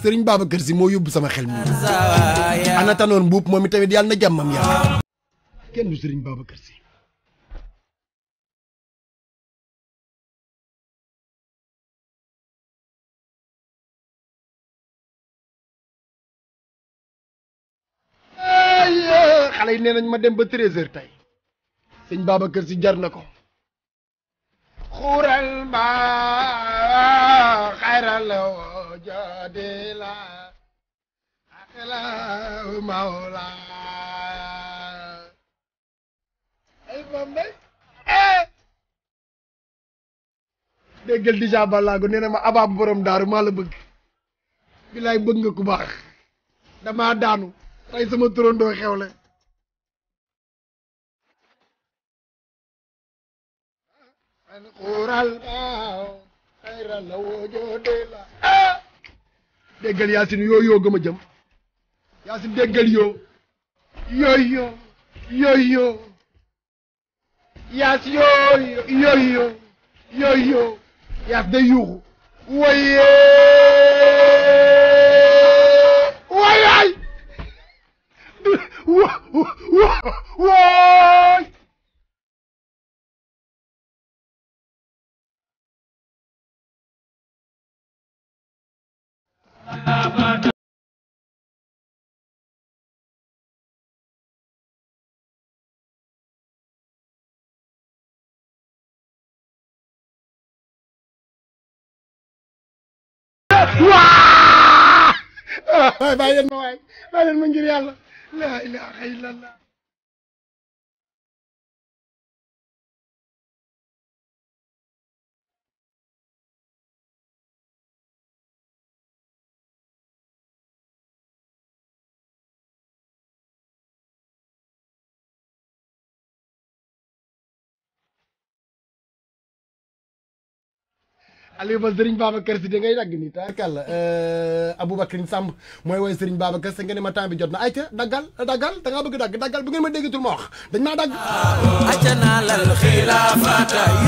sëriñ Babacar si moo yóbbu sama xel mi ana tanoor mbuub moom itamit yàlla na jàmmam yàlla kenn du sëriñ Babacar si xale nañ ma dem ba treize heures tey sëñ jar na ko xural ba وجديلا أخلا مولاي المهم déggal dèjà balaago nee na ma abaa borom daaru maa la bëgg bilaay bëgg nga ku baax damaa daanu rey sama turandoo xewle xuural baaw ayra la woojoo dee la ah yaasin yoo yoo gëm a jëm yaasin déggal yoo yooyo yooyo yaas waa bàyyi leen ma waay bàyyi leen ma ngir yàlla la ilaha illallah Aliou ba Serigne Babacar si da ngay dagg nii taakàlla euh, Aboubacrine Samb mooy woy Serigne Babacar si nga ne ma temps bi jot na ayca daggal daggal da ngaa bëgg dagg daggal bu ngeen ma déggatul ma wax dañ maa dagg.